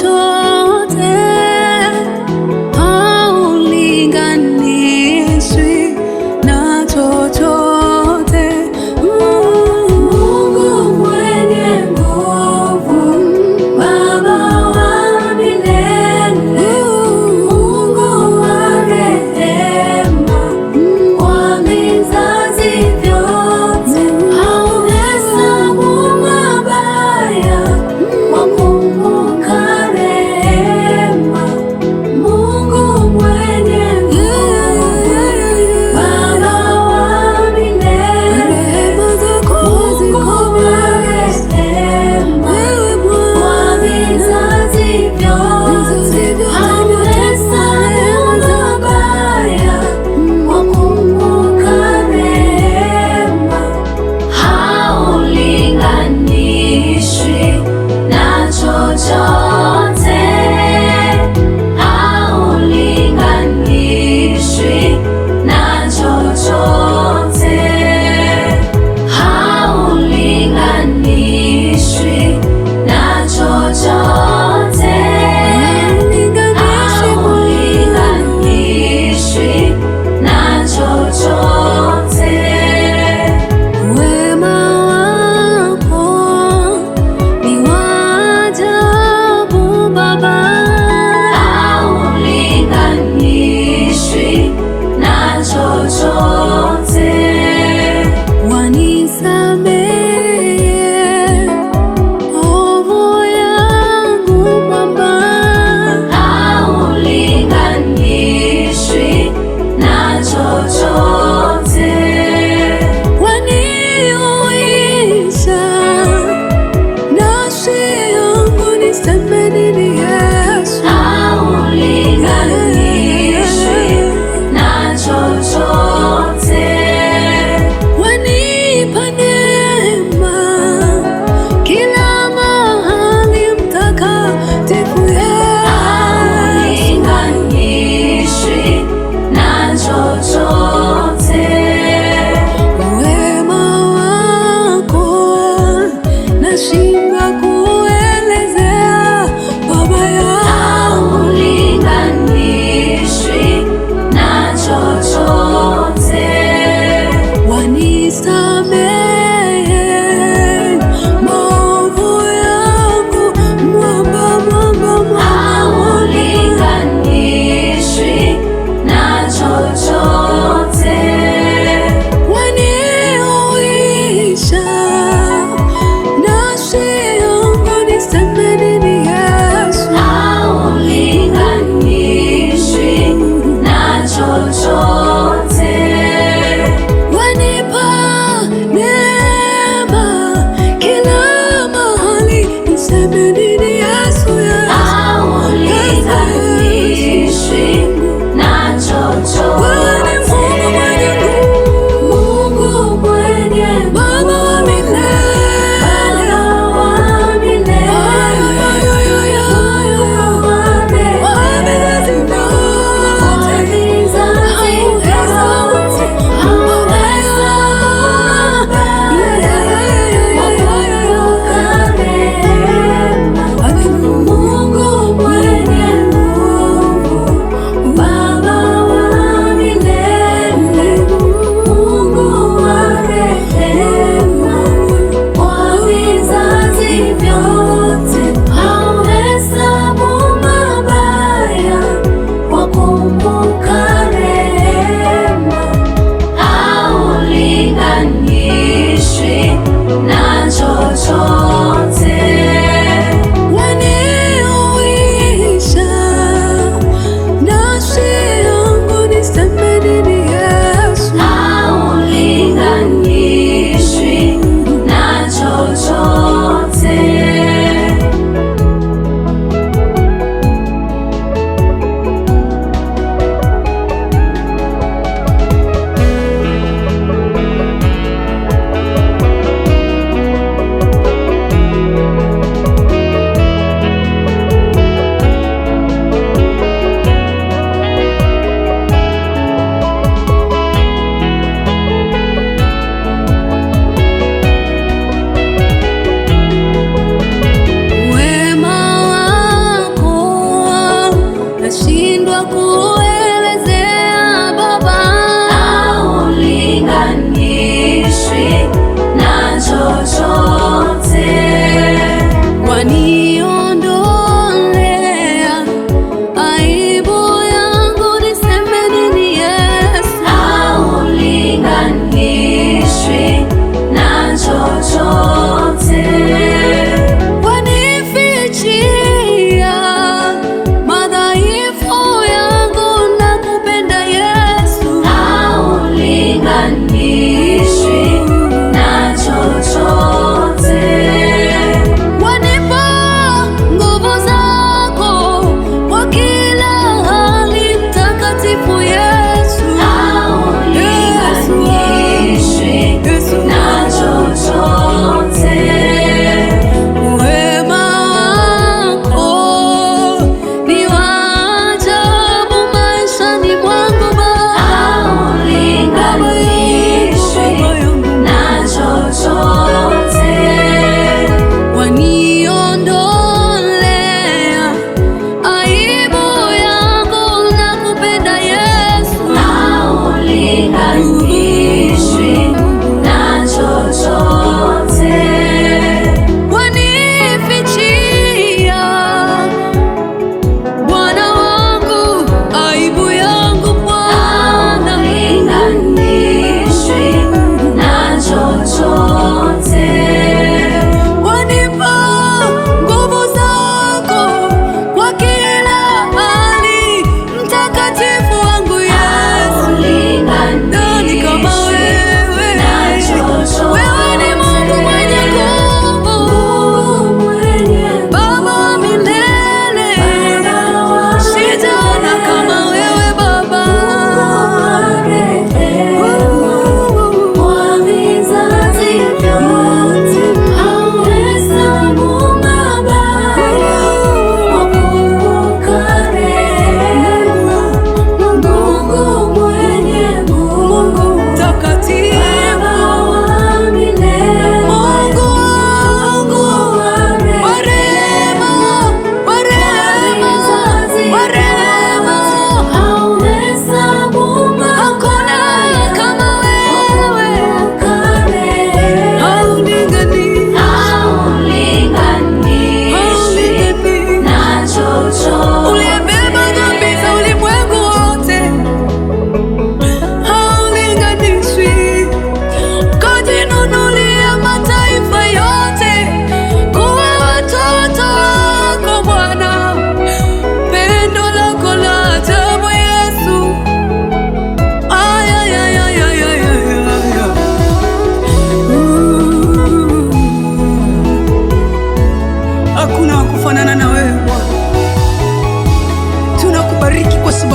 Too.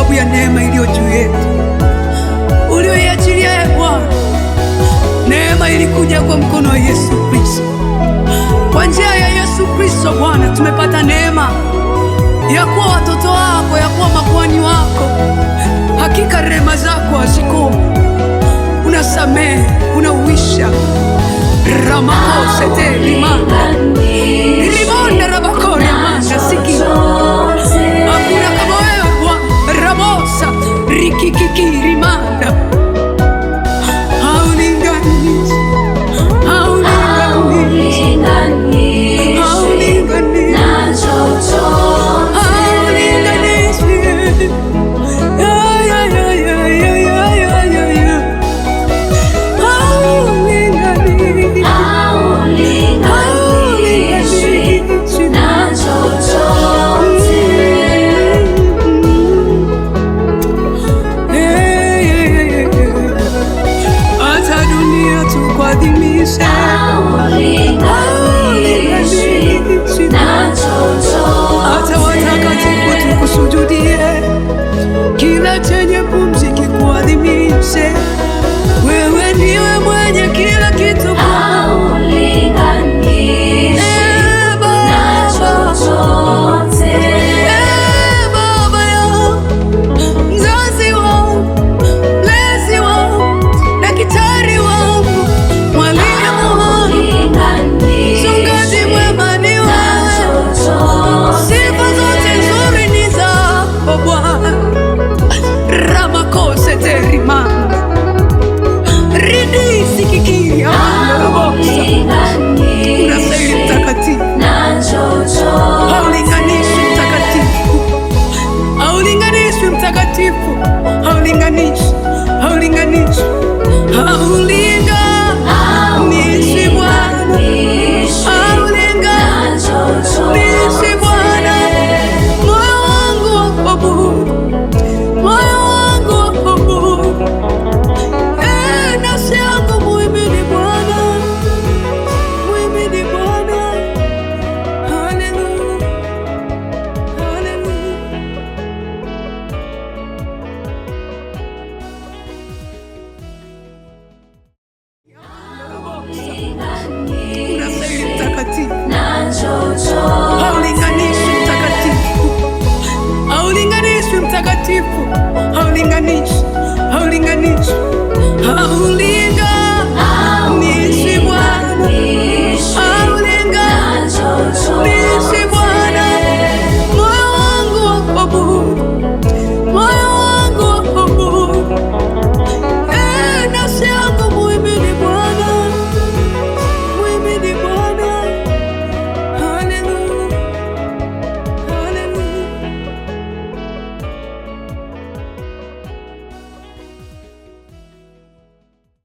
sababu ya neema iliyo juu yetu uliyoiachilia ya Bwana. Neema ilikuja kwa mkono wa Yesu Kristo. Kwa njia ya Yesu Kristo Bwana, tumepata neema ya kuwa watoto wako, ya kuwa makuhani wako. Hakika rehema zako hazikomo, unasamehe, unauisha ramakosetelima